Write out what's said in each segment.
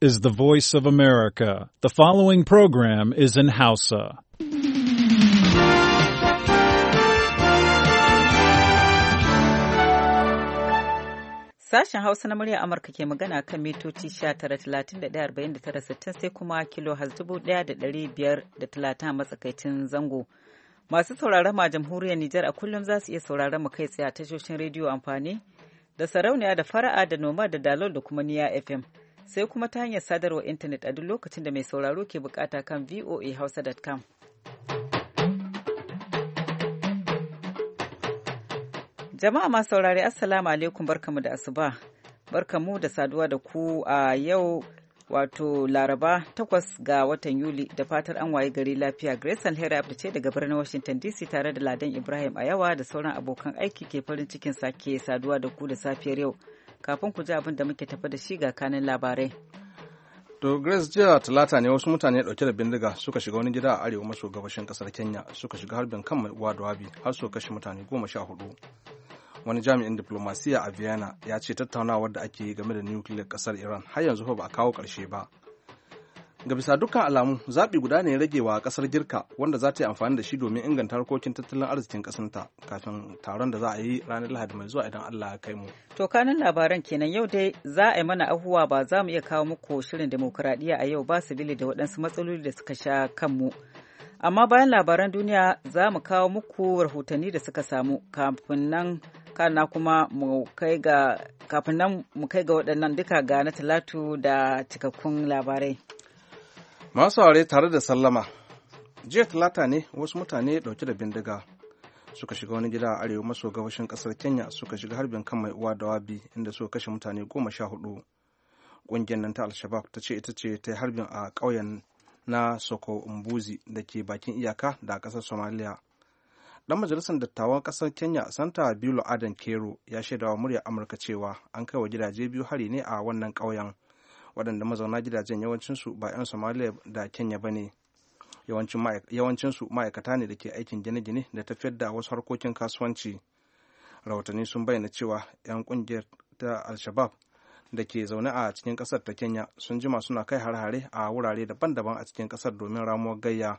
is the voice of America. The following program is in Hausa. Sashen Hausa na murya Amurka ke magana kan mitoci 19,31,49,60 sai kuma kilo da a matsakaicin zango. Masu sauraron ma jamhuriyar Nijar a kullum za su iya sauraron mu kai tsaye a tashoshin rediyo amfani da sarauniya da fara'a da noma da dalol da kuma niya FM. sai kuma ta hanyar sadarwar intanet a duk lokacin da mai sauraro ke bukata kan voahausa.com. Jama'a masu saurari Assalamu alaikum barkamu da asuba. Barkamu da saduwa da ku a yau wato Laraba takwas ga watan Yuli da fatar an waye gari lafiya Grace Alheri Abdu ce daga birnin Washington DC tare da Ladan Ibrahim a yawa da sauran abokan aiki ke farin cikin sake saduwa da ku da safiyar yau. kafin ku ji abin da muke tafi da shi ga kanin labarai. To Grace jiya talata ne wasu mutane dauke da bindiga suka shiga wani gida a arewa maso gabashin kasar Kenya suka shiga harbin kan mai uwa da har su kashe mutane goma sha hudu. Wani jami'in diplomasiya a Vienna ya ce tattaunawar da ake yi game da nukiliyar kasar Iran har yanzu ba a kawo karshe ba. ga bisa dukkan alamu zaɓi guda ne rage wa ƙasar girka wanda za ta yi amfani da shi domin inganta harkokin tattalin arzikin ƙasarta kafin taron da za a yi ranar lahadi mai zuwa idan allah ya kai mu to kanin labaran kenan yau dai za a yi mana ahuwa ba za mu iya kawo muku shirin demokuraɗiyya a yau ba su bili da waɗansu matsaloli da suka sha kanmu amma bayan labaran duniya za mu kawo muku rahotanni da suka samu kafin nan kana kuma mu kai ga kafin nan mu kai ga waɗannan duka ga na talatu da cikakkun labarai masu aure tare da sallama jiya talata ne wasu mutane dauke da bindiga suka shiga wani gida a arewa maso gabashin kasar kenya suka shiga harbin kan mai uwa da wabi inda suka kashe mutane goma sha hudu ƙungiyar nan ta alshabab ta ce ita ce ta harbin a ƙauyen na soko mbuzi da ke bakin iyaka da ƙasar somaliya dan majalisar dattawan ƙasar kenya santa bilo adan kero ya shaidawa murya amurka cewa an kai wa gidaje biyu hari ne a wannan ƙauyen waɗanda mazauna gidajen yawancinsu ba 'yan somaliya da kenya ba ne yawancinsu ma'aikata ne da ke aikin gine-gine da tafiyar da wasu harkokin kasuwanci rahotanni sun bayyana cewa 'yan ƙungiyar ta al-shabab da ke zaune a cikin ƙasar ta kenya sun jima suna kai har-hare a wurare daban-daban a cikin ƙasar domin ramuwar gayya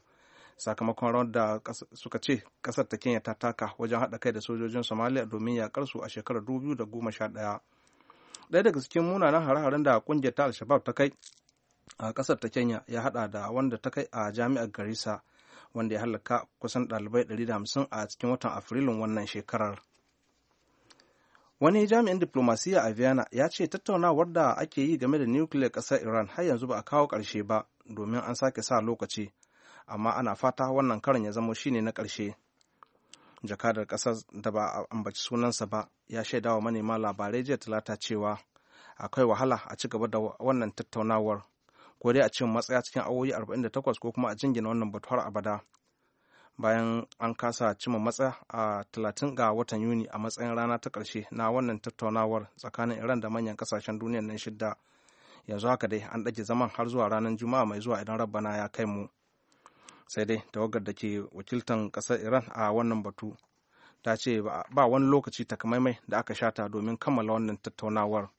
sakamakon rawar da suka ce ƙasar ta kenya ta taka wajen haɗa kai da sojojin somaliya domin yakar su a shekarar 2011 ɗaya daga cikin munanan hare-haren da kungiyar ta al ta kai a ƙasar ta kenya ya hada da wanda ta kai a jami'ar garissa wanda ya halaka kusan ɗalibai 150 a cikin watan afrilun wannan shekarar wani jami'in diplomasiya a vienna ya ce tattaunawar da ake yi game da nukiliyar ƙasar iran har yanzu ba a kawo ƙarshe ba domin an sake sa lokaci amma ana fata wannan karin ya zama shine na ƙarshe jakadar kasar da ba a ambaci sunansa ba ya shaida wa manema labarai jiya talata cewa akwai wahala a ci gaba da wannan tattaunawar ko dai a cin matsaya cikin awoyi 48 ko kuma a jingina wannan batu har abada bayan an kasa cima matsaya a 30 ga watan yuni a matsayin rana ta karshe na wannan tattaunawar tsakanin iran da manyan kasashen duniya na shidda yanzu haka dai an ɗage zaman har zuwa ranar juma'a mai zuwa idan rabbana ya kai mu sai dai tawagar da ke wakiltan kasar iran a wannan batu ta ce ba wani lokaci takamaimai da aka shata domin kammala wannan tattaunawar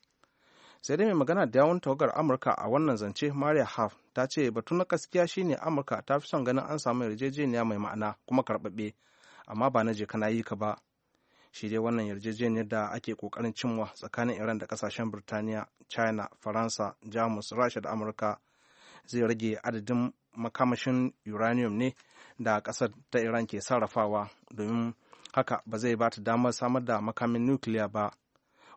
sai dai mai magana da yawon tawagar amurka a wannan zance maria haf ta ce batu na gaskiya shine amurka ta fi son ganin an samu yarjejeniya mai ma'ana kuma karɓaɓɓe amma ba na je kana yi ka ba shi dai wannan yarjejeniyar da ake kokarin cimwa tsakanin iran da kasashen birtaniya china faransa jamus rasha da amurka zai rage adadin makamashin uranium ne da ƙasar ta iran ke sarrafawa domin haka ba zai ba ta damar samar da makamin nukiliya ba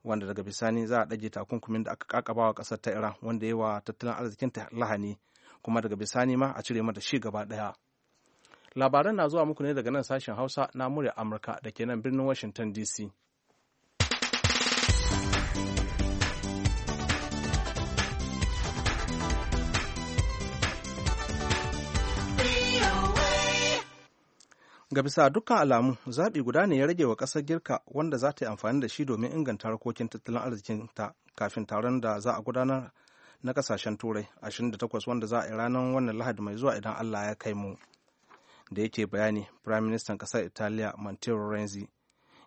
wanda daga bisani za a ɗage takunkumin da aka kakaba wa ƙasar ta iran wanda yawa tattalin arzikinta lahani kuma daga bisani ma a cire mata shi gaba ɗaya labaran na zuwa muku ne daga nan sashen hausa na murya amurka da ke nan birnin washington dc ga bisa dukkan alamu zaɓi guda ne ya rage wa ƙasar girka wanda za ta yi amfani da shi domin inganta harkokin tattalin arzikin ta kafin taron da za a gudanar na ƙasashen turai 28 wanda za a yi ranar wannan lahadi mai zuwa idan allah ya kai mu da yake bayani prime minister ƙasar italiya matteo renzi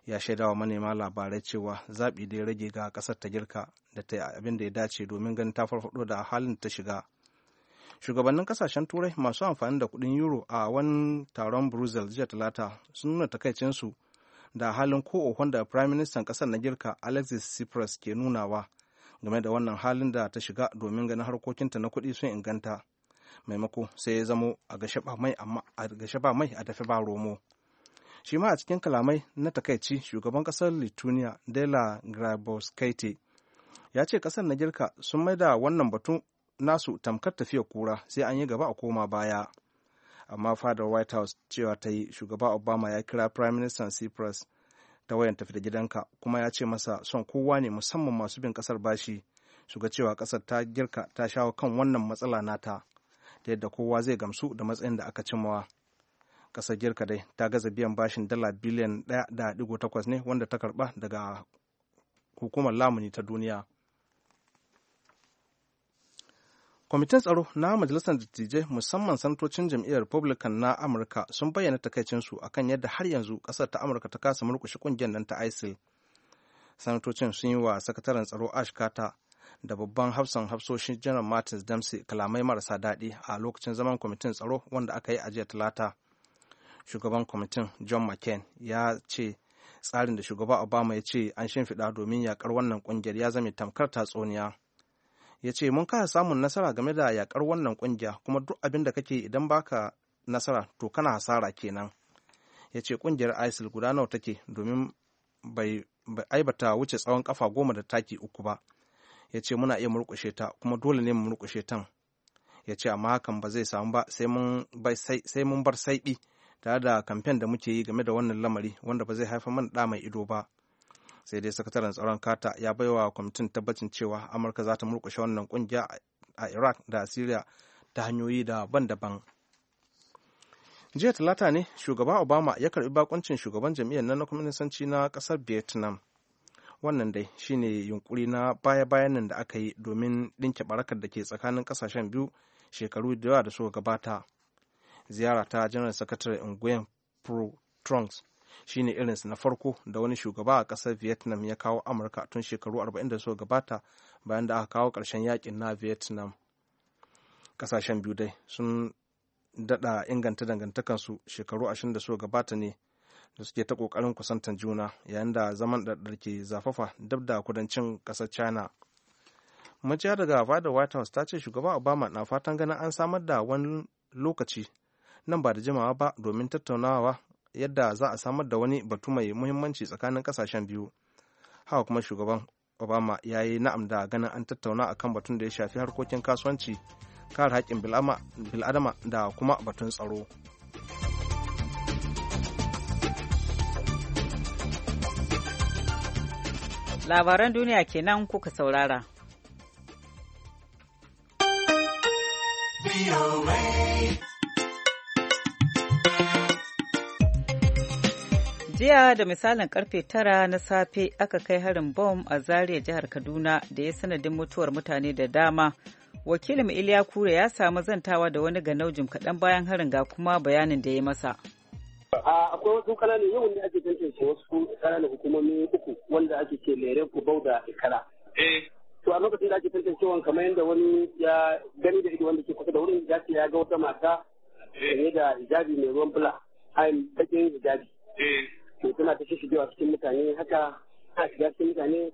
ya shaidawa manema labarai cewa zaɓi da ya rage ga ƙasar ta girka da ta yi abin da ya dace domin ganin ta farfaɗo da halin ta shiga shugabannin kasashen turai masu amfani da kuɗin euro a wani taron brussels jiya talata sun nuna takaicinsu da halin ko ohon da prime minister kasar na girka alexis tsipras ke nunawa game da wannan halin da ta shiga domin ganin harkokinta na kuɗi sun inganta maimako sai ya zamo a gashe ba mai a dafe ba romo shi ma a cikin kalamai na takaici shugaban kasar lithuania dela grabowskaite ya ce kasar na girka sun mai da wannan batun. nasu tamkar tafiyar kura sai an yi gaba a koma baya amma fadar white house cewa ta yi shugaba obama ya kira prime minister cyprus ta wayan tafi da gidanka kuma ya ce masa son kowa ne musamman masu bin kasar bashi su cewa kasar ta girka ta shawo kan wannan matsala nata ta yadda kowa zai gamsu da matsayin da aka cimawa kasar girka dai ta gaza biyan bashin dala biliyan 1.8 ne wanda ta karba daga hukumar lamuni ta duniya kwamitin tsaro na majalisar dattijai musamman sanatocin jam'iyyar republican na amurka sun bayyana takaicinsu akan yadda har yanzu ƙasar ta amurka ta kasa murkushe kungiyar nan ta isil sanatocin sun yi wa sakataren tsaro ash kata da babban hafsan hafsoshin janar martins damsey kalamai marasa daɗi a lokacin zaman kwamitin tsaro wanda aka yi a jiya talata shugaban kwamitin john mccain ya ce tsarin da shugaba obama ya ce an shimfiɗa domin yakar wannan ƙungiyar ya zame tamkar tatsuniya ya ce mun kasa samun nasara game da yakar wannan kungiya kuma duk abin da kake idan baka nasara to kana hasara kenan ya ce kungiyar isil guda nawa take domin bai aibata wuce tsawon kafa goma da taki uku ba ya ce muna iya murkushe ta kuma dole ne mu murkushe tan ya ce amma hakan ba zai samu ba sai mun bar saiɓi tare da kamfen da muke yi game da wannan lamari wanda ba zai haifa mana ɗa mai ido ba sai dai sakataren tsaron kata ya bai wa kwamitin tabbacin cewa amurka za ta murkushe wannan kungiya a iraq da syria ta hanyoyi daban-daban jiya talata ne shugaba obama ya karbi bakuncin shugaban jam'iyyar na kwaminisanci na kasar vietnam wannan dai shine yunkuri na baya-bayan nan da aka yi domin ɗinke barakar da ke tsakanin kasashen biyu shekaru da yawa da suka gabata ziyara ta janar sakatare nguyen pro trunks shine irinsa na farko da wani shugaba a ƙasar vietnam ya kawo amurka tun shekaru 40 da suka gabata bayan da aka kawo ƙarshen yakin na vietnam ƙasashen biyu dai sun daɗa inganta dangantakansu shekaru 20 da suka gabata ne da suke ta ƙoƙarin kusantar juna yayin da zaman ɗaɗɗar ke zafafa dab da kudancin ƙasar china maciya daga fadar white house ta ce shugaba obama na fatan ganin an samar da wani lokaci nan ba da jimawa ba domin tattaunawa yadda za a samar da wani batu mai muhimmanci tsakanin kasashen biyu haka kuma shugaban obama ya yi na'am da ganin an tattauna kan batun da ya shafi harkokin kasuwanci kare haƙƙin bil'adama da kuma batun tsaro labaran duniya kenan kuka saurara jiya da misalin karfe tara na safe aka kai harin bom a zaria jihar kaduna da ya sanadin mutuwar mutane da dama wakilin iliya kure ya samu zantawa da wani ganaujin kaɗan bayan harin ga kuma bayanin da ya masa akwai wasu kananan yawan da ake tantance wasu kananan hukumomi uku wanda ake ke lere ku da ikara eh. to a lokacin da ake tantancewan kamar yadda wani ya gani da ido wanda ke kusa da wurin ya ce ya ga wata mata eh. sanye da hijabi mai ruwan bula a bakin hijabi eh. to tana ta shigewa cikin mutane haka ta shiga cikin mutane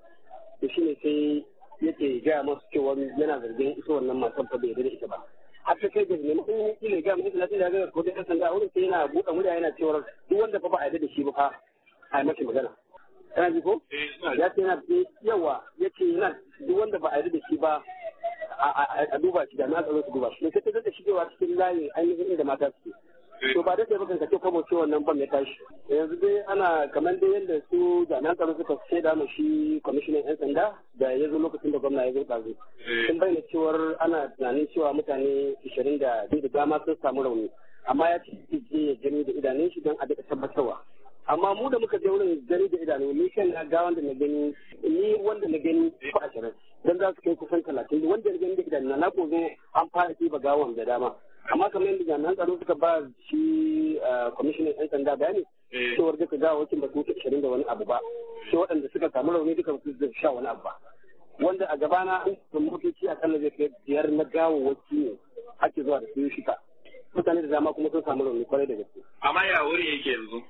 shi shine sai yake gaya masu cewa yana zargin ita wannan matan fa bai yarda da ita ba har ta kai ga ne mun yi ne ga mun lafiya da ga da san ga wurin sai yana buɗe murya yana cewa duk wanda fa ba a yarda da shi ba fa a yi masa magana kana ji ko eh, ya ce yana yawa ya ce yana duk wanda ba a yarda da shi ba a duba shi da na tsaro su duba shi sai ta zata shigewa cikin layin ainihin inda mata suke to ba da mukan kace kuma ce wannan ban ya tashi yanzu dai ana kamar dai yadda su jami'an tsaro suka da mu shi commissioner yan sanda da ya zo lokacin da gwamna ya zo ɗazu eh. sun bayyana cewar ana tunanin cewa mutane 20 da biyu da dama sun samu rauni amma ya ce ya gani da idanun shi don a daɗa tabbatarwa amma mu da muka je wurin gani da idanu ni kan na ga wanda na gani ni wanda na gani ko ashirin dan za su kai kusan talatin wanda na gani da idanu na ko an fara ba gawan da dama amma kamar yadda jami'an tsaro suka ba shi eh, kwamishinan yan sanda bayani eh. cewar duka ga wakil ba su ashirin da wani abu ba sai waɗanda suka samu rauni duka su zai sha wani abu ba wanda a gabana an samu motoci a kan zai biyar na gawawwaki ne ake zuwa da su shika mutane da dama kuma sun samu rauni kwarai da gaske amma ya wuri yake yanzu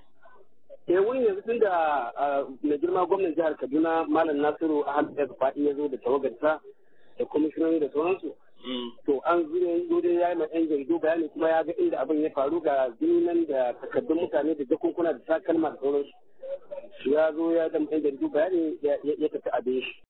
eh wuri yanzu tun da mai girma gwamnan jihar kaduna malam nasiru ahmed faɗi ya zo da tawagarsa da kwamishinoni da sauransu to an zo dole ya yi ma yan bayani kuma ya ga inda abin ya faru ga nan da takardun mutane da jakunkuna da takalma da sauransu ya zo ya da yan jaridu bayani ya tafi abin shi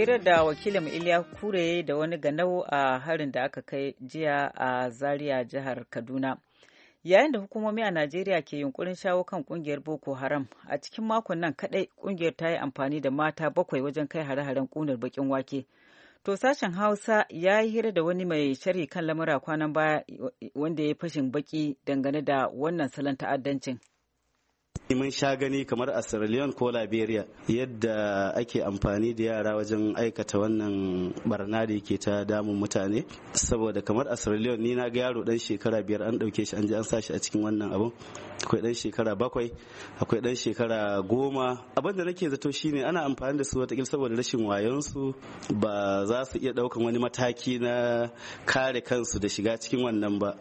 hirar da wakilin iliya kure da wani ganau a harin da aka kai jiya a zaria jihar kaduna yayin da hukumomi a najeriya ke yunkurin shawo kan kungiyar boko haram a cikin makon nan kadai kungiyar ta yi amfani da mata bakwai wajen kai hare-haren kunar bakin wake to sashen hausa ya yi hira da wani mai sharhi kan lamura kwanan baya wanda ya yi fashin baki dangane da wannan salon ta'addancin mun sha gani kamar a Sierra Leone ko Liberia yadda ake amfani da yara wajen aikata wannan barna da yake ta damun mutane saboda kamar a Sierra Leone ni na ga yaro dan shekara biyar an dauke shi an ji an sa shi a cikin wannan abun akwai dan shekara bakwai akwai dan shekara goma abin da nake zato shine ana amfani da su watakila saboda rashin wayonsu ba za su iya daukan wani mataki na kare kansu da shiga cikin wannan ba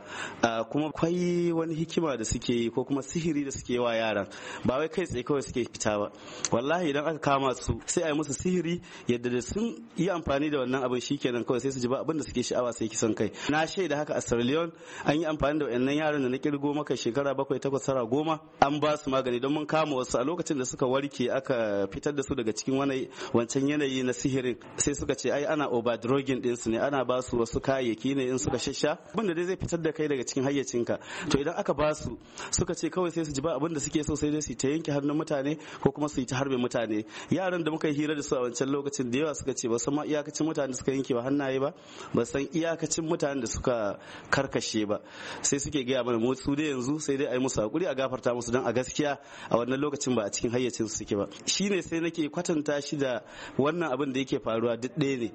kuma kwai wani hikima da suke yi ko kuma sihiri da suke wa yara ba wai kai tsaye kawai suke fita ba wallahi idan aka kama su sai a yi musu sihiri yadda da sun yi amfani da wannan abin shikenan kawai sai su ji ba abin da suke sha'awa sai kisan kai na shaida haka a Sierra Leone an yi amfani da wayannan yaran da na kirgo maka shekara bakwai takwas tara goma an ba su magani don mun kama wasu a lokacin da suka warke aka fitar da su daga cikin wani wancan yanayi na sihirin sai suka ce ai ana overdrugging din su ne ana ba su wasu kayayyaki ne in suka shasha abin da dai zai fitar da kai daga cikin hayyacinka to idan aka ba su suka ce kawai sai su ji ba abin da suke so so sai dai su ta yanke hannun mutane ko kuma su yi ta harbe mutane yaran da muka yi hira da su a wancan lokacin da yawa suka ce ba san ma iyakacin mutane da suka yanke wa hannaye ba ba san iyakacin mutane da suka karkashe ba sai suke gaya mana mu su dai yanzu sai dai a yi musu hakuri a gafarta musu don a gaskiya a wannan lokacin ba a cikin hayyacin su suke ba shine sai nake kwatanta shi da wannan abin da yake faruwa duk ɗaya ne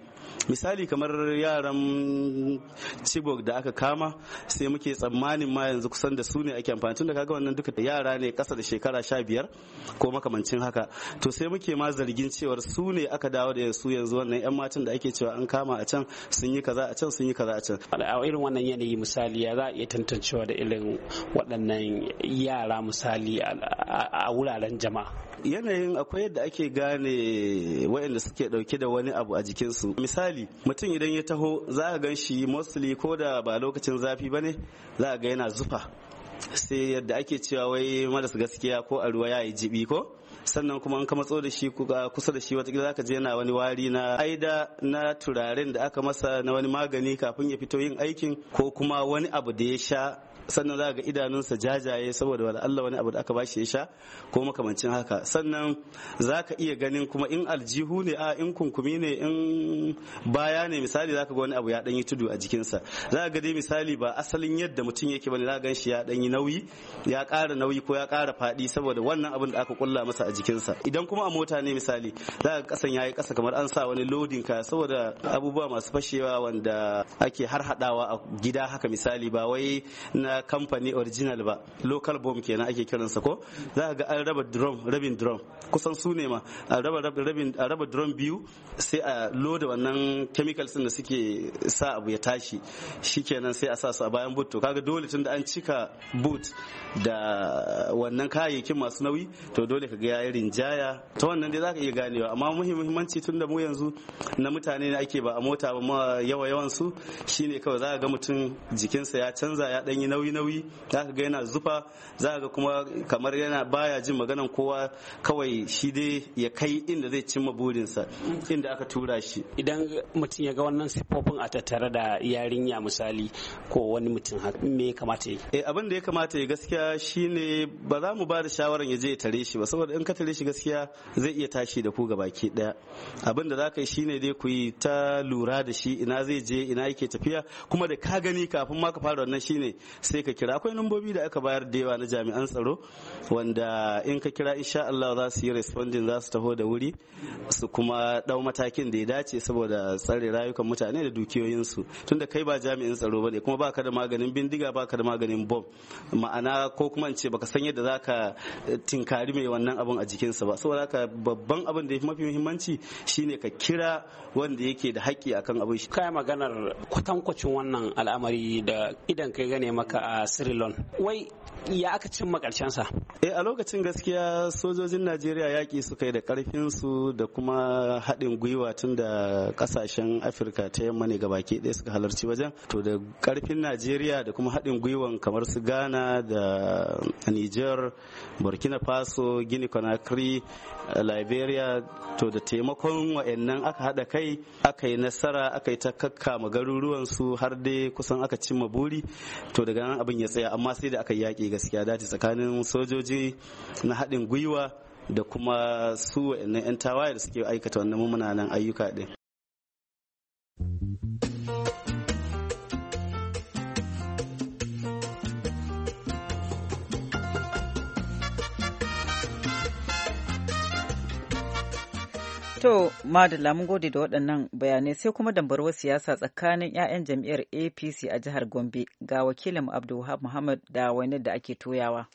misali kamar yaran chibok da aka kama sai muke tsammanin ma yanzu kusan da su ne ake amfani tun da kaga wannan duka yara ne kasa da shekara sha biyar ko makamancin haka to sai muke ma zargin cewar su ne aka dawo da su yanzu wannan yan matan da ake cewa an kama a can sun yi kaza a can sun yi kaza a can a irin wannan yanayi misali ya za a iya tantancewa da irin waɗannan yara misali a wuraren jama'a yanayin akwai yadda ake gane waɗanda suke ɗauke da wani abu a jikinsu misali mutum idan ya taho za a gan shi mostly ko da ba lokacin zafi ba ne za a ga yana zufa sai yadda ake cewa wai maras gaskiya ko a ruwa ya yi jibi ko sannan kuma an ka matso da shi kusa da shi wata watakila ka je yana wani wari na aida na turaren da aka masa na wani magani kafin ya fito yin aikin ko kuma wani abu da ya sha sannan za ga idanunsa jajaye saboda wala Allah wani abu da aka bashi ya sha ko makamancin haka sannan za ka iya ganin kuma in aljihu ne a in kunkumi ne in baya ne misali za ka ga wani abu ya dan yi tudu a jikinsa za ga dai misali ba asalin yadda mutum yake bane za ka gan shi ya dan yi nauyi ya kara nauyi ko ya kara faɗi saboda wannan abin da aka kulla masa a jikinsa idan kuma a mota ne misali za ka kasan yayi kasa kamar an sa wani lodin ka saboda abubuwa masu fashewa wanda ake har hadawa a gida haka misali ba wai na kamfani original ba local bomb kenan ake kiransa ko za ga an raba drum rabin drum kusan su ne ma a raba rabin a raba drum biyu sai a loda wannan chemicals din da suke sa abu ya tashi shikenan sai a sa su a bayan boot to kaga dole tun da an cika boot da wannan kayayyakin masu nauyi to dole ka ga ya rinjaya ta wannan dai zaka iya ganewa amma muhimmanci tun da mu yanzu na mutane ne ake ba a mota ba yawa yawan su shine kawai za ga mutum jikinsa ya canza ya danyi nauyi nauyi za ka ga yana zufa zaka ga kuma kamar yana baya jin maganan kowa kawai shi dai ya kai inda zai cimma burinsa inda aka tura shi idan mutum ya ga wannan siffofin a tattare da yarinya misali ko wani mutum me ya kamata yi eh abin da ya kamata yi gaskiya shine ba za mu ba da shawarar ya je ya tare shi ba saboda in ka tare shi gaskiya zai iya tashi da ku gabaki daya abin da zaka yi shine dai ku yi ta lura da shi ina zai je ina yake tafiya kuma da ka gani kafin ma ka fara wannan shine sai ka kira akwai numbobi da aka bayar da yawa na jami'an tsaro wanda in ka kira insha Allah za su yi responding za su taho da wuri su kuma dau matakin da ya dace saboda tsare rayukan mutane da su tunda kai ba jami'in tsaro bane kuma baka da maganin bindiga baka da maganin bomb ma'ana ko kuma in ce baka san yadda zaka eh, tinkari mai wannan abun a jikinsa ba saboda haka babban abin da mafi muhimmanci shine ka kira wanda yake da haƙƙi akan abin shi kai maganar kwatankwacin wannan al'amari da idan kai gane maka a Sri Lanka wai ya aka cimma karshen sa eh a lokacin gaskiya sojojin Najeriya yaki su yi da karfin da kuma haɗin gwiwa tun da ƙasashen Afirka ta yamma ne gabaki ɗaya suka halarci wajen to da karfin Najeriya da kuma haɗin gwiwan kamar su Ghana da Niger Burkina Faso Guinea Conakry liberia to da taimakon wa'annan aka haɗa kai aka yi nasara aka yi ta kakkama garuruwan su har dai kusan aka cimma buri to daga nan abin ya tsaya amma sai da aka yaƙi gaskiya dace tsakanin sojoji na haɗin gwiwa da kuma su wa'annan 'yan tawaye da suke aikata wannan mummunan ayyuka ɗin To, Madalla mun gode da waɗannan bayanai sai kuma dambarwar siyasa tsakanin 'ya'yan jam'iyyar APC a jihar Gombe ga wakilin Abdulwahab Muhammad da wani da ake toyawa.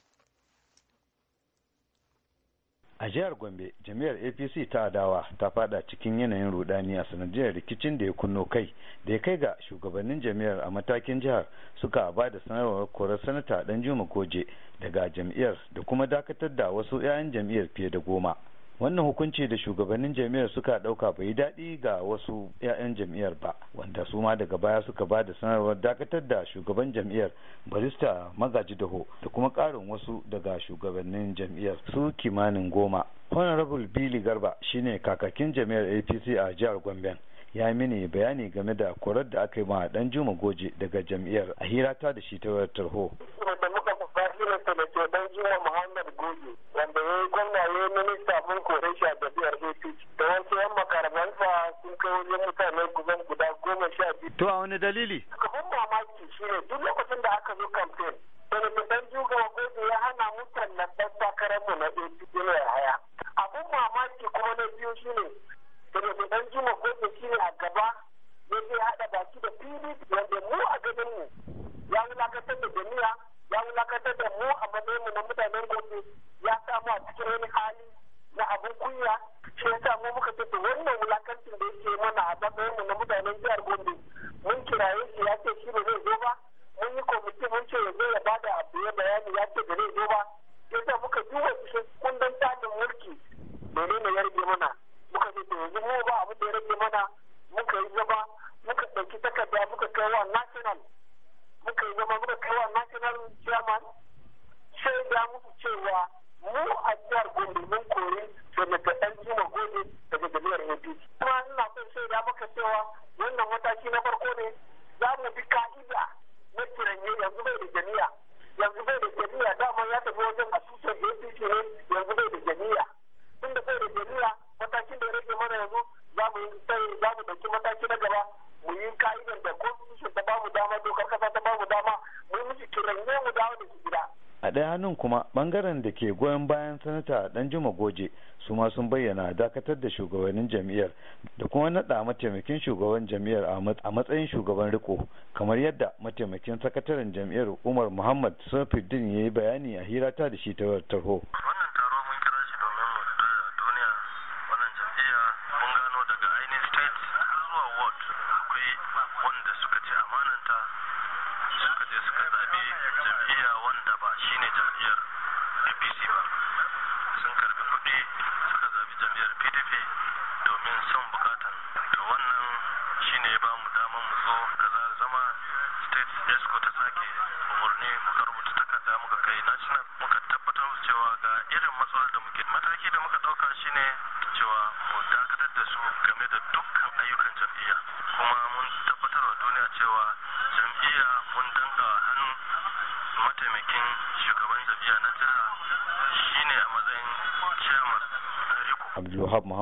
A jihar Gombe, jami'ar APC ta adawa ta fada cikin yanayin rudani a sanadiyar rikicin da ya kunno kai da ya kai ga shugabannin jami'ar a matakin jihar suka ba da sanarwar korar sanata Danjuma Goje daga jam'iyyar da kuma dakatar da wasu 'ya'yan jam'iyyar fiye da goma. wannan hukunci da shugabannin jami'ar suka dauka bai daɗi ga wasu 'ya'yan jami'ar ba wanda su ma daga baya suka ba da sanarwar dakatar da shugaban jami'ar barista magaji daho da kuma ƙarin wasu daga shugabannin jami'ar su kimanin goma honorable billy garba shine kakakin jami'ar apc a jihar gombe ya mini bayani game da korar da aka yi ma dan juma goje daga jami'ar a hirata da shi ta tarho minista da ke dan juma muhammad goje wanda ya yi gwamna ya yi minista mun kore shi a jami'ar apc da wasu yan makarantarsa sun kai wajen mutane kusan guda goma sha biyu. to a wani dalili. kafin mamaki shi ne duk lokacin da aka zo kamfen wani dan juga goje ya hana mu takarar takararmu na apc ne haya. abin mamaki kuma na biyu shine da dan juma shi ne a gaba ya haɗa baki da pdp wanda mu a ganin mu ya wulakantar da jami'a ya wulakantar da mu a matsayin mu na mutanen gombe ya samu a cikin wani hali na abin kunya shi ya samu muka ce da wannan wulakancin da yake mana a matsayin mu na mutanen jihar gombe mun kiraye shi ya ce shi ba zai zo ba mun yi kwamiti mun ce ya zo ya bada abu ya bayani ya ce da zai zo ba ya sa muka duba cikin kundin tsarin mulki domin ya rage mana muka ce da yanzu mu ba abu da ya rage mana muka yi zaba muka ɗauki takarda muka kai wa national muka yi zama muka kai wa national chairman shaida musu cewa mu a jihar gombe mun da daga ɗan jima gode daga jami'ar apc kuma ina son shaida maka cewa wannan mataki na farko ne za mu bi ka'ida na kiranye yanzu bai da jami'a yanzu bai da jami'a dama ya tafi wajen asusun ya ne yanzu bai da jami'a tun bai da jami'a matakin da ya rage mana yanzu za mu yi za mu ɗauki mataki na gaba mu yi ka'idan da constitution ta bamu dama dokar kasa ta bamu dama mun musu kiranye mu dawo da su gida a ɗaya hannun kuma bangaren da ke goyon bayan sanata danjuma goje su ma sun bayyana dakatar da shugabannin jam'iyyar da kuma naɗa mataimakin shugaban jam'iyyar a matsayin shugaban riko kamar yadda mataimakin sakataren jam'iyyar umar muhammad din ya yi bayani a hirata da shi ta tarho. wannan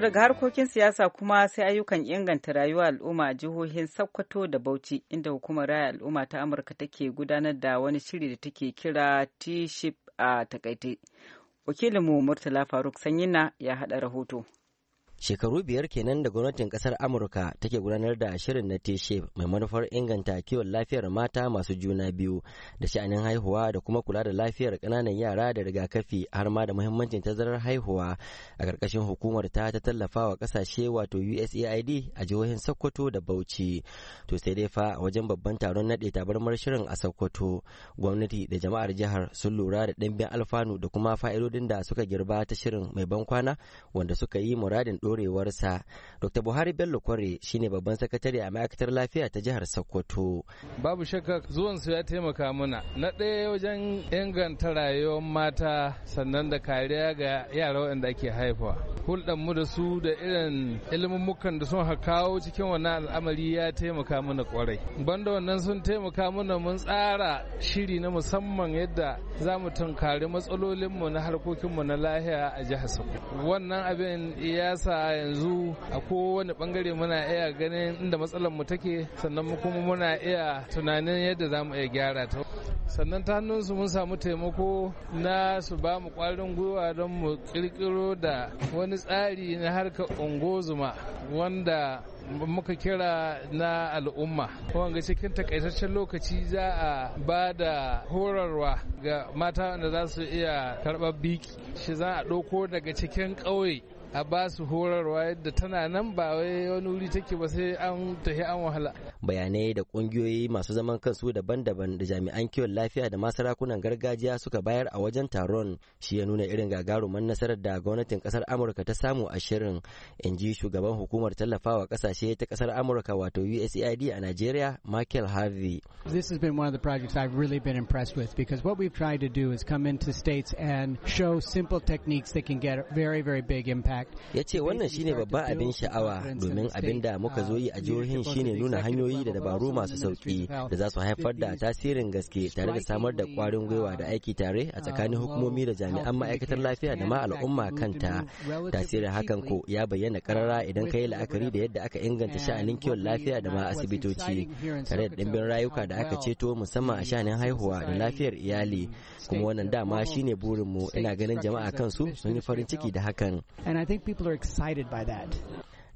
daga harkokin siyasa kuma sai ayyukan inganta rayuwa al'umma a jihohin Sokoto da Bauchi inda hukumar raya al'umma ta Amurka take gudanar da wani shiri da take kira T-ship a takaice. Wakilinmu Murtala Faruk Sanyina ya haɗa rahoto. Shekaru biyar kenan da gwamnatin kasar Amurka take gudanar da shirin na t mai manufar inganta kiwon lafiyar mata masu juna biyu da sha'anin haihuwa da kuma kula da lafiyar kananan yara da rigakafi har ma da muhimmancin tazarar haihuwa a karkashin hukumar ta ta tallafa wa ƙasashe wato USAID a jihohin Sokoto da Bauchi. To sai dai fa wajen babban taron naɗe tabarmar shirin a Sokoto gwamnati da jama'ar jihar sun lura da ɗimbin alfanu da kuma fa'idodin da suka girba ta shirin mai ban kwana wanda suka yi muradin ɗorewarsa. Dr. Buhari Bello Kware shine babban sakatare a ma'aikatar lafiya ta jihar Sokoto. Babu shakka zuwansu ya taimaka mana. Na ɗaya wajen inganta rayuwar mata sannan da kariya ga yara waɗanda ake haifa. Hulɗan mu da su da irin ilmummukan da sun kawo cikin wannan al'amari ya taimaka mana kwarai. Banda wannan sun taimaka mana mun tsara shiri na musamman yadda za mu tunkari matsalolinmu na harkokinmu na lahiya a jihar Sokoto. Wannan abin ya sa yanzu a kowane bangare muna iya ganin inda matsalar mu take sannan kuma muna iya tunanin yadda za mu iya gyara ta sannan ta hannunsu mun samu taimako na su ba mu kwarin gwiwa don mu kirkiro da wani tsari na harkar ungozuma wanda muka kira na al'umma wanga cikin takaitaccen lokaci za a ba da horarwa ga mata wanda za su iya karɓar biki shi za a ɗauko daga cikin ƙauye a ba su horarwa yadda tana nan ba wai wani wuri take ba sai an tafi an wahala bayanai da kungiyoyi masu zaman kansu daban-daban da jami'an kiwon lafiya da ma sarakunan gargajiya suka bayar a wajen taron shi ya nuna irin gagaruman nasarar da gwamnatin kasar amurka ta samu a shirin in ji shugaban hukumar tallafawa kasashe ta kasar amurka wato usaid a nigeria michael harvey this has been one of the projects i've really been impressed with because what we've tried to do is come into states and show simple techniques that can get very very big impact ya ce wannan shine babban abin sha'awa domin abin da muka zo yi a uh, jihohin shine nuna hanyoyi da dabaru masu sauki da za su haifar da tasirin gaske tare da samar da kwarin gwiwa da uh, aiki tare a tsakanin uh, hukumomi da jami'an ma'aikatar lafiya da ma al'umma kanta tasirin hakan ko ya bayyana karara idan ka yi la'akari da yadda aka inganta sha'anin kiwon lafiya da ma asibitoci tare da dimbin rayuka da aka ceto musamman a sha'anin haihuwa da lafiyar iyali kuma wannan dama shine burinmu ina ganin jama'a kansu sun yi farin ciki da hakan think people are excited by that.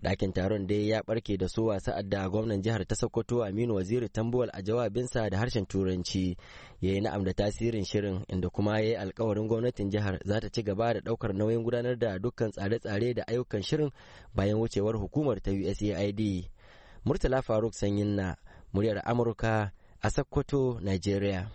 Dakin taron dai ya barke da su sa'ad da gwamnan jihar ta Sokoto Aminu Waziri Tambuwal a jawabinsa da harshen Turanci ya yi na'am da tasirin shirin inda kuma ya yi alkawarin gwamnatin jihar za ta ci gaba da ɗaukar nauyin gudanar da dukkan tsare-tsare da ayyukan shirin bayan wucewar hukumar ta USAID. Murtala Faruk Sanyin na muryar Amurka a Sokoto, Nigeria.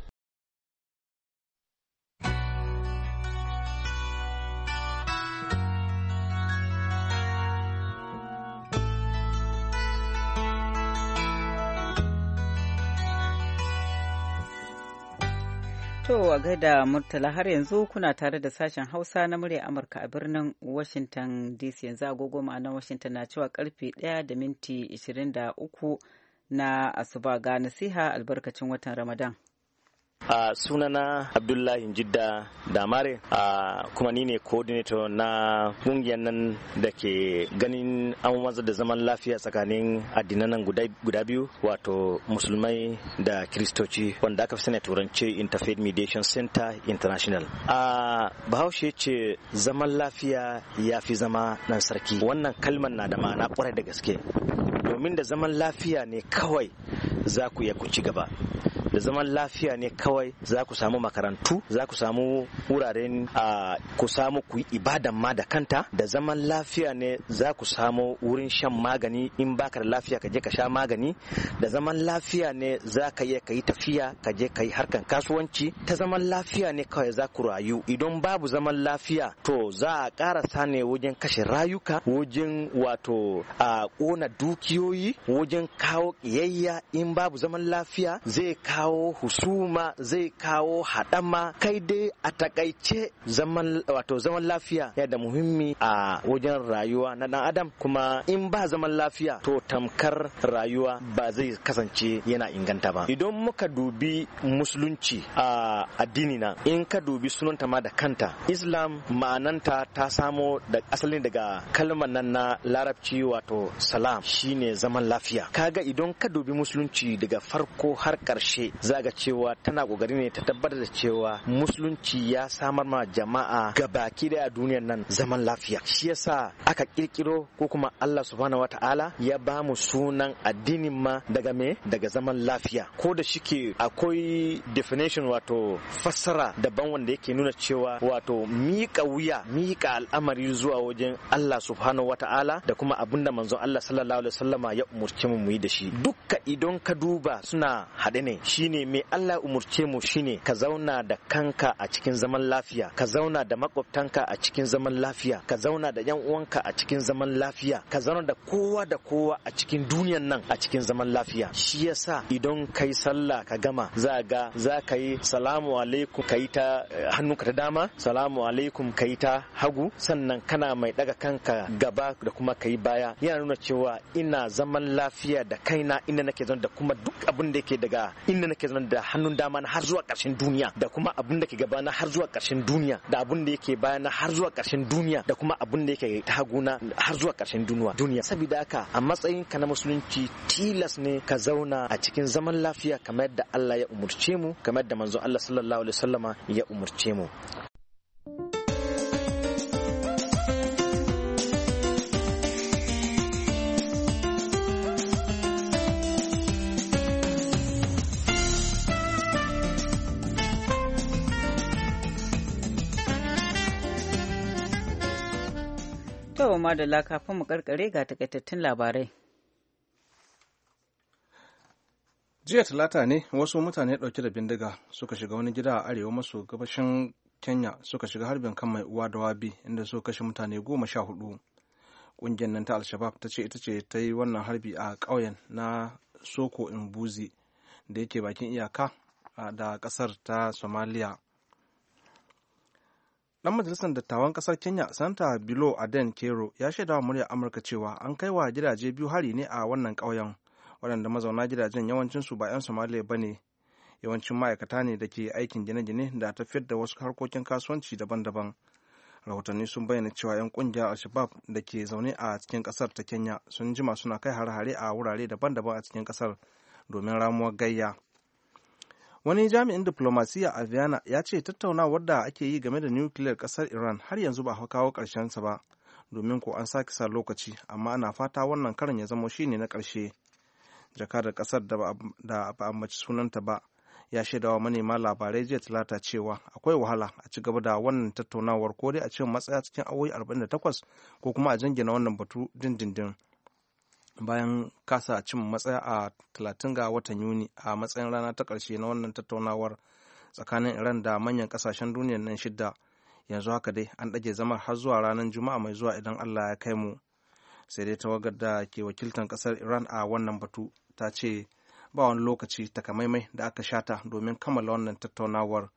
To a gaida Murtala har yanzu kuna tare da sashen Hausa na murya Amurka a birnin Washington DC yanzu agogo ma'anar Washington na cewa karfe 1 da minti 23 na asuba ga nasiha albarkacin watan Ramadan. a sunana abdullahi jidda damare a kuma ni ne coordinator na kungiyar nan da ke ganin an wanzar da zaman lafiya tsakanin addinan nan guda biyu wato musulmai da kiristoci wanda aka fi sani turance interfaith mediation center international a bahaushe ce zaman lafiya ya fi zama nan sarki wannan kalmar na da ma'ana kwarai da gaske domin da zaman lafiya ne kawai za ku iya ku ci gaba da zaman lafiya ne kawai za ku samu makarantu za ku samu wuraren ku samu ku ibadan ma da kanta da zaman lafiya ne za ku samu wurin shan magani in baka da lafiya ka je ka sha magani da zaman lafiya ne za ka iya ka yi tafiya ka je ka yi harkan kasuwanci ta zaman lafiya ne kawai za ku rayu idan babu zaman lafiya to za a karasa ne wajen kashe rayuka wajen wato a ƙona dukiyoyi wajen kawo ƙiyayya in babu zaman lafiya zai kawo kawo husuma zai kawo haɗama kai dai a takaice zaman wato zaman lafiya ya da muhimmi a wajen rayuwa na dan adam kuma in ba zaman lafiya to tamkar rayuwa ba zai kasance yana inganta ba idan muka dubi musulunci a addini na in ka dubi sunanta ma da kanta islam ma'ananta ta samo da asali daga kalmar nan na larabci wato salam shine zaman lafiya kaga idan ka dubi musulunci daga farko har ƙarshe za ga cewa tana kokari ne ta tabbatar da cewa musulunci ya samar ma jama'a gabaki daya a duniyar nan zaman lafiya shi yasa aka kirkiro ko kuma Allah subhanahu wataala ya ba mu sunan addinin ma daga me daga zaman lafiya ko da shike akwai definition wato fassara daban wanda yake nuna cewa wato miƙa wuya miƙa al'amari zuwa wajen Allah subhanahu wataala da kuma abin da manzon Allah sallallahu alaihi wasallama ya umurci mu yi da shi dukka idan ka duba suna haɗe ne shine mai Allah umurce mu shine ka zauna da kanka a cikin zaman lafiya ka zauna da makwabtanka a cikin zaman lafiya ka zauna da yan uwanka a cikin zaman lafiya ka zauna da kowa da kowa a cikin duniyan nan a cikin zaman lafiya shi yasa idan kai sallah ka gama za ga za ka yi salamu alaikum ka yi ta eh, ka ta dama salamu alaikum ka yi ta hagu sannan kana mai daga kanka gaba da kuma ka yi baya yana nuna cewa ina zaman lafiya da kaina inda nake zaune da kuma duk abin da yake daga inda da nake zanen da hannun dama na har zuwa ƙarshen duniya da kuma abin da ke gaba na har zuwa ƙarshen duniya da abin da yake baya na har zuwa ƙarshen duniya da kuma abin da yake haguna har zuwa ƙarshen duniya duniya saboda haka a matsayin ka na musulunci tilas ne ka zauna a cikin zaman lafiya kamar yadda Allah ya umurce mu kamar yadda manzon Allah sallallahu alaihi wasallama ya umurce mu To madalla kafin mu karkare ga takaitattun labarai. Jiya talata ne wasu mutane ɗauke da bindiga suka shiga wani gida a arewa maso gabashin Kenya suka shiga harbin kan mai uwa da wabi inda suka kashe mutane goma sha hudu. Ƙungiyar nan ta Alshabab ta ce ita ce ta yi wannan harbi a ƙauyen na Soko Imbuzi da yake bakin iyaka da ƙasar ta Somalia. dan majalisar dattawan kasar kenya santa bilo aden kero ya shaida wa muryar amurka cewa an kai wa gidaje biyu hari ne a wannan ƙauyen waɗanda mazauna gidajen yawancinsu ba 'yan somaliya ba ne yawancin ma'aikata ne da ke aikin gine-gine da tafiyar da wasu harkokin kasuwanci daban-daban rahotanni sun bayyana cewa 'yan kungiyar alshabab da ke zaune a cikin kasar ta kenya sun jima suna kai hare-hare a wurare daban-daban a cikin kasar domin ramuwar gayya wani jami'in diplomasiya a vienna ya ce tattaunawar da ake yi game da nukiliyar kasar iran har yanzu ba kawo karshen sa ba domin ko an sake sa lokaci amma ana fata wannan karin ya zamo ne na karshe jakadar kasar da ba a mace sunanta ba ya shaidawa manema labarai jiya talata cewa akwai wahala a ci gaba da wannan tattaunawar ko dai a cikin matsaya cikin awoyi 48 ko kuma a jingina wannan batu dindindin bayan kasa cin matsaya a 30 ga watan yuni a matsayin rana ta ƙarshe na wannan tattaunawar tsakanin iran da manyan ƙasashen duniya nan shidda yanzu haka dai an ɗage zama har zuwa ranar juma'a mai zuwa idan allah ya kai mu sai dai tawagar da ke wakiltar kasar iran a wannan batu ta ce ba wani lokaci takamaimai da aka shata domin kammala wannan tattaunawar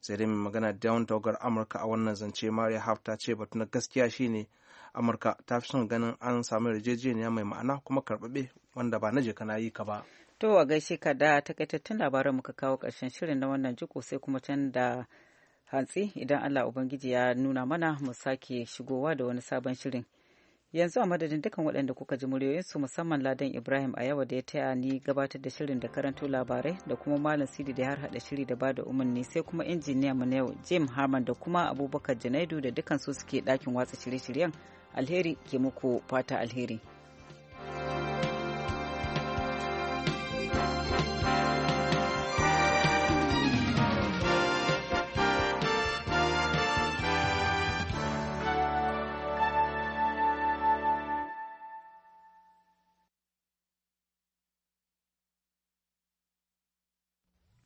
sai dai mai magana da yawan tawagar amurka a wannan zance mariya haf ta ce batu na gaskiya shine amurka ta fi son ganin an samu yarjejeniya mai ma'ana kuma karbabbe wanda ba na je kana yi ka ba to a gaishe ka da takaitattun labarai muka kawo karshen shirin na wannan jiko sai kuma can da hantsi idan allah ubangiji ya nuna mana mu sake shigowa da wani sabon shirin yanzu a madadin dukkan waɗanda kuka ji muryoyinsu musamman ladan ibrahim a yawa da ya taya ni gabatar da shirin da karanto labarai da kuma malam sidi da ya harhaɗa shiri da bada umarni sai kuma injiniya mu na yau jim harman da kuma abubakar janaidu da dukkan su suke ɗakin watsa shirye-shiryen alheri alheri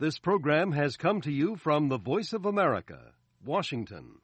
This program has come to you from the Voice of America, Washington.